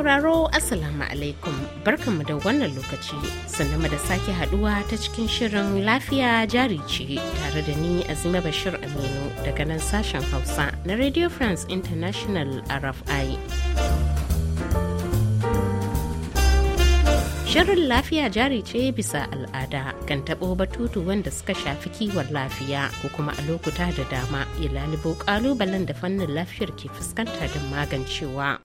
sauraro Assalamu alaikum barkanmu da wannan lokaci sannan da sake haduwa ta cikin shirin lafiya jari ce tare da ni Azima Bashir Aminu daga nan sashen Hausa na Radio France International RFI. Shirin lafiya jari ce bisa al'ada kan taɓo batutu wanda suka shafi kiwon lafiya ko kuma a lokuta da dama ya lalubo ƙalubalen da fannin lafiyar ke fuskanta don magancewa.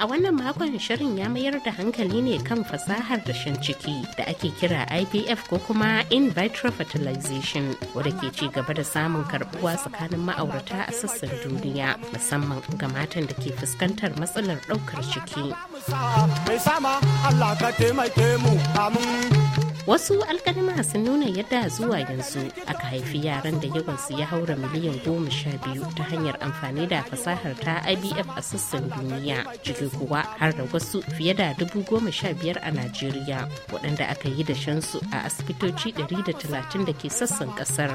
A wannan makon shirin ya mayar da hankali ne kan fasahar dashen ciki da ake kira IVF ko kuma in vitro fertilization wadda ke ci gaba da samun karbuwa tsakanin ma'aurata a sassan duniya musamman ga matan da ke fuskantar matsalar ɗaukar ciki. wasu alkalima sun nuna yadda zuwa yanzu aka haifi yaran da yawansu ya haura miliyan goma sha biyu ta hanyar amfani da fasahar ta ibf a sassan duniya ciki kuwa har da wasu fiye da dubu goma sha biyar a najeriya waɗanda aka yi da shansu a asibitoci 130 da talatin da ke sassan ƙasar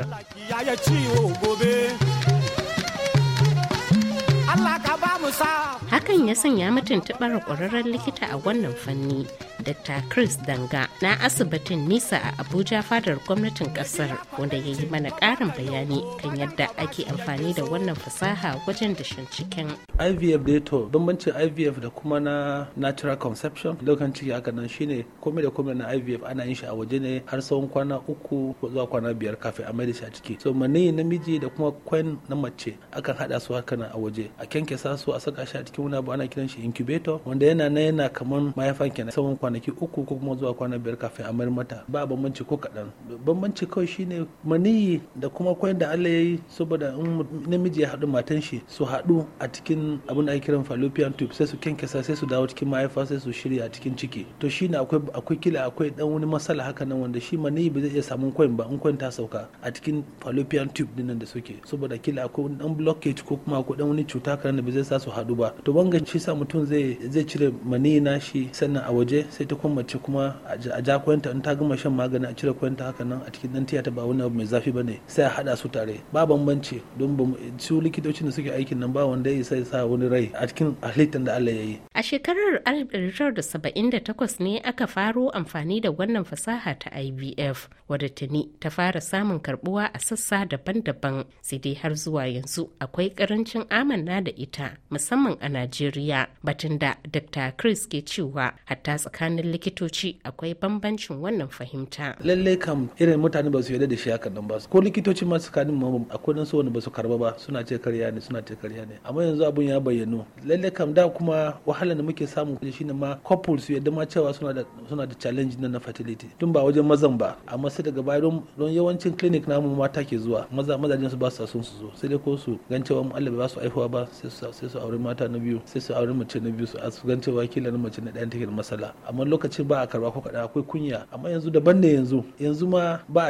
Allah hakan ya sanya mutuntuɓar ƙwararren likita a wannan fanni dr chris danga na asibitin nisa a abuja fadar gwamnatin kasar wanda ya yi mana ƙarin bayani kan yadda ake amfani da wannan fasaha wajen dashen cikin ivf dai to bambancin ivf da kuma na natural conception lokacin ciki aka nan shine komai da komai na ivf ana yin shi a waje ne har tsawon kwana uku ko zuwa kwana biyar kafin a mai da shi a ciki so maniyi namiji da kuma kwan na mace akan haɗa su haka a waje a kyankyasa su a saka shi a cikin wani abu ana kiran shi incubator wanda yana na yana kamar mahaifan kenan tsawon kwanaki uku ko kuma zuwa kwana biyar kafin a mayar mata ba bambanci ko kaɗan bambanci kawai shine maniyi da kuma kwayan da Allah ya yi saboda in namiji ya haɗu matan shi su haɗu a cikin abin da ake kiran fallopian tube sai su kyankyasa sai su dawo cikin mahaifa sai su shirya a cikin ciki to shine akwai akwai kila akwai dan wani matsala haka nan wanda shi maniyi ba zai iya samun kwayan ba in kwayan ta sauka a cikin fallopian tube dinnan da suke saboda kila akwai dan blockage ko kuma akwai dan wani cuta kan da ba zai sa su haɗu ba wanga shi sa mutum zai zai cire mani na shi sannan a waje sai ta kuma mace kuma a ja kwanta in ta gama shan magani a cire kwanta haka nan a cikin dan tiyata ba wani abu mai zafi bane sai a hada su tare ba bambanci don ba su likitocin da suke aikin nan ba wanda ya sai sa wani rai a cikin halittar da Allah ya yi a shekarar 1978 ne aka faro amfani da wannan fasaha ta IVF wadda tuni ta fara samun karbuwa a sassa daban-daban sai dai har zuwa yanzu akwai karancin amanna da ita musamman a Najeriya Najeriya. Batun da Dr. Chris ke cewa hatta tsakanin likitoci akwai bambancin wannan fahimta. Lallai kam irin mutane ba su yarda da shi hakan nan ba. Ko likitoci ma tsakanin mu akwai nan su wanda ba su karba ba suna ce karya ne suna ce karya ne. Amma yanzu abun ya bayyano. Lallai kam da kuma wahalar da muke samu shi ne ma couples su yarda ma cewa suna da suna da challenge na fertility. Tun ba wajen mazan ba amma sai daga baya don yawancin clinic namu mata ke zuwa maza mazajen su ba su sun su zo sai dai ko su gan cewa mu Allah ba su aihuwa ba sai su aure mata na biyu sai su auri mace na biyu su a su gance wakila na mace na ɗayan take da masala amma lokacin ba a karba ko kaɗan akwai kunya amma yanzu daban ne yanzu yanzu ma ba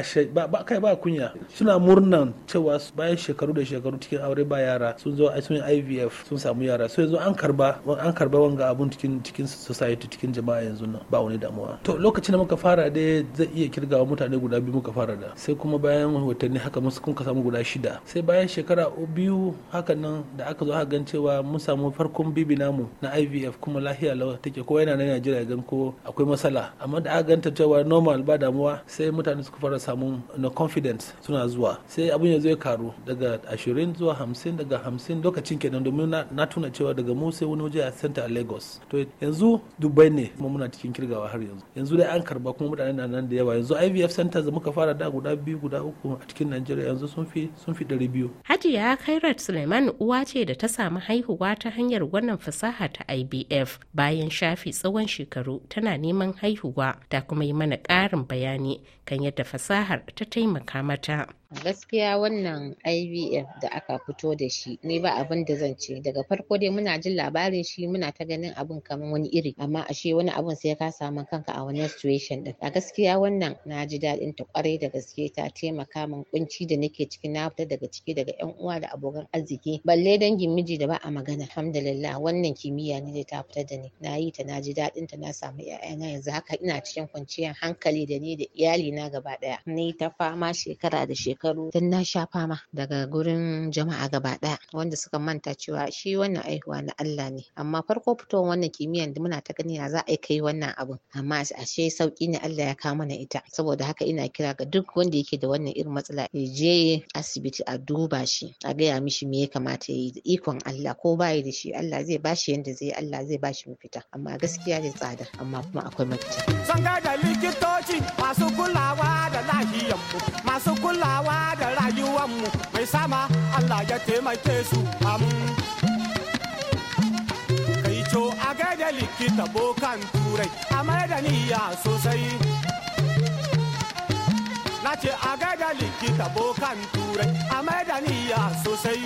a kai ba kunya suna murnan cewa bayan shekaru da shekaru cikin aure ba yara sun zo sun IVF sun samu yara so yanzu an karba an karba wanga abun cikin cikin society cikin jama'a yanzu nan ba wani damuwa to lokacin da muka fara dai zai iya kirgawa mutane guda biyu muka fara da sai kuma bayan watanni haka mun kun samu guda shida sai bayan shekara biyu haka nan da aka zo aka gan cewa mun samu farko kuma bibi namu na IVF kuma lahiya lawa take ko yana nan Najeriya gan ko akwai matsala amma da aka ganta cewa normal ba damuwa sai mutane suka fara samun na confidence suna zuwa sai abun ya zo karu daga 20 zuwa 50 daga 50 lokacin kenan domin na tuna cewa daga mu sai wani waje a center Lagos to yanzu Dubai ne kuma muna cikin kirgawa har yanzu yanzu dai an karba kuma mutane na nan da yawa yanzu IVF centers da muka fara da guda biyu guda uku a cikin Najeriya yanzu sun fi sun fi 200 Hajiya Khairat Suleiman uwa ce da ta samu haihuwa ta hanyar wannan fasaha ta IBF bayan shafi tsawon shekaru tana neman haihuwa ta kuma yi mana ƙarin bayani kan yadda fasahar ta taimaka mata. Gaskiya wannan IVF da aka fito da shi ni ba abin da zan ce daga farko dai muna jin labarin shi muna ta ganin abin kamar wani iri amma ashe wani abun sai ka samu kanka a wannan situation din. A gaskiya wannan na ji daɗin ta kwarai da gaske ta taimaka min kunci da nake ciki na fita daga ciki daga yan uwa da abokan arziki balle dangin miji da ba a magana alhamdulillah wannan kimiyya ne da ta fita da ni na yi ta na ji daɗin ta na samu ƴaƴana yanzu haka ina cikin kwanciyar hankali da ni da iyalina gaba ɗaya ni ta fama shekara da shekara shekaru dan na sha fama daga gurin jama'a gaba ɗaya wanda suka manta cewa shi wannan aihuwa na Allah ne amma farko fitowar wannan kimiyyar da muna ta gani za a kai wannan abun amma ashe sauki ne Allah ya kawo mana ita saboda haka ina kira ga duk wanda yake da wannan irin matsala ya je asibiti a duba shi a gaya mishi me ya kamata ya yi da ikon Allah ko bayi da shi Allah zai bashi yanda zai Allah zai bashi mafita amma gaskiya ne tsada amma kuma akwai mafita. Sanga da likitoci masu kulawa da lahiyar masu kulawa a da rayuwanmu mai sama Allah ya taimake su kai co a gaida likita bokan turai a mai da niyya sosai na ce a gaida likita bokan turai a da niyya sosai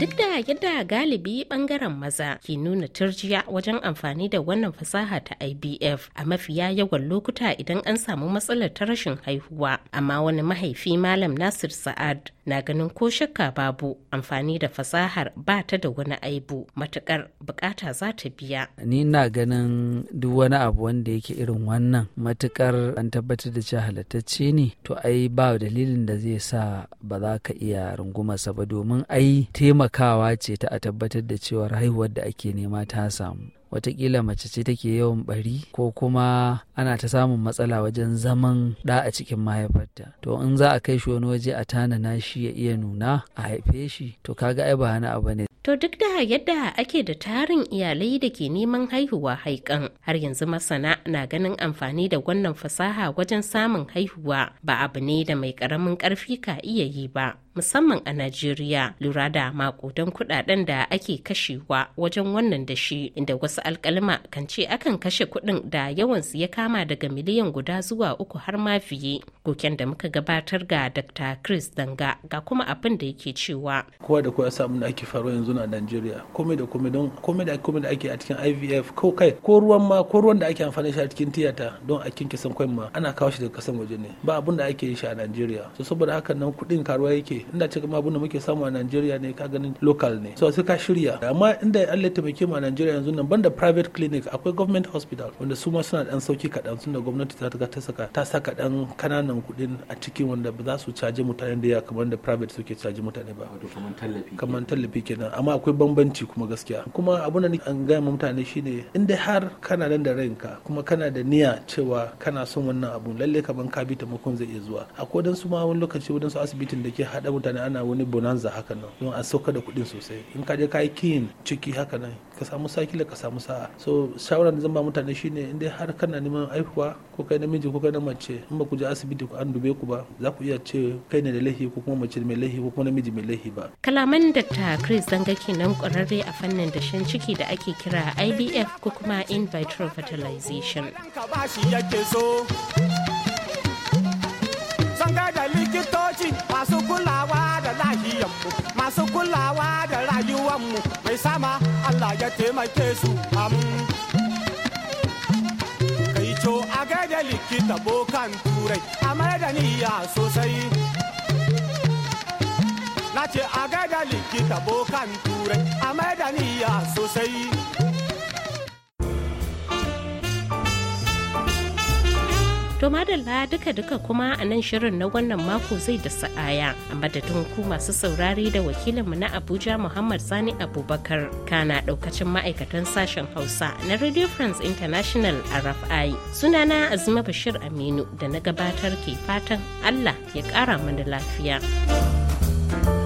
Duk da yadda galibi bangaren maza ke nuna turjiya wajen amfani da wannan fasaha ta IBF a mafiya yawan lokuta idan an samu matsalar ta rashin haihuwa, amma wani mahaifi Malam Nasir Sa'ad na ganin ko shakka babu amfani da fasahar ba ta da wani aibu matukar bukata za ta biya. Ni na ganin duk wani abu wanda yake irin wannan matukar an tabbatar da cewa halattacce ne to ai ba dalilin da zai sa ba za ka iya rungumarsa ba domin ai taimaka taimakawa ce ta a tabbatar da cewa haihuwar da ake nema ta samu watakila mace ce take yawan bari ko kuma ana ta samun matsala wajen zaman da a cikin mahaifarta to in za a kai shi wani waje a tana na shi ya iya nuna a haife shi to kaga ai ba hana abu ne To duk da yadda ake da tarin iyalai da ke neman haihuwa haikan har yanzu masana na ganin amfani da wannan fasaha wajen samun haihuwa ba abu ne da mai karamin karfi ka iya yi ba. musamman a Najeriya lura da makudan kudaden da ake kashewa wajen wannan dashi inda wasu alkalma kan ce akan kashe kudin da yawan su ya kama daga miliyan guda zuwa uku har ma fiye. goken da muka gabatar ga Dr. Chris Danga ga kuma abin da yake cewa. Kowa da kowa samu da ake faruwa yanzu na Najeriya komai da komai don komai da komai da ake a cikin IVF ko kai ko ruwan ma ko ruwan da ake amfani shi a cikin tiyata don a kinkisan kwai ma ana kawo shi daga kasan waje ne ba abin da ake yi shi a Najeriya. So saboda haka nan kudin karuwa yake inda cikin abun da muke samu a Najeriya ne ka ganin local ne so sai ka shirya amma inda Allah taimake mu a Najeriya yanzu nan banda private clinic akwai government hospital wanda su ma suna dan sauki kaɗan tunda gwamnati ta ta saka ta saka dan kananan kuɗin a cikin wanda ba za su caji mutane da ya kamar da private suke caji mutane ba kamar tallafi kenan amma akwai bambanci kuma gaskiya kuma abun da an gaya mutane shine inda har kana nan da ranka kuma kana da niyya cewa kana son wannan abu lalle ban ka bi taimakon zai iya zuwa akwai dan su ma wani lokaci wadansu asibitin da ke hada mutane ana wani bonanza haka nan don a sauka da kuɗin sosai in ka je ka yi kiyin ciki haka nan ka samu sakila ka samu sa'a so shawara da zan ba mutane shine in dai har kana neman aihuwa ko kai namiji ko kai na mace in ba ku je asibiti ku an dube ku ba za ku iya ce kai ne da lahi ko kuma mace mai lahi ko kuma namiji mai lahi ba. kalaman dr chris zangake kenan kwararre a fannin dashen ciki da ake kira ibf ko kuma in vitro fertilization. mun da likitoci masu kulawa da lahiyanmu masu kulawa da rayuwanmu mai sama Allah ya taimake su kai co a gaida likita bokan turai a da sosai na ce a gaida likita bokan turai a da sosai To madalla duka-duka kuma a nan shirin na wannan mako zai da sa'aya a madadin ku masu saurari da wakilinmu na Abuja Muhammad Sani Abubakar kana daukacin ma'aikatan sashen Hausa na Radio France International RFI. Sunana Azuma Bashir Aminu da na gabatar ke fatan Allah ya kara mana lafiya. thank you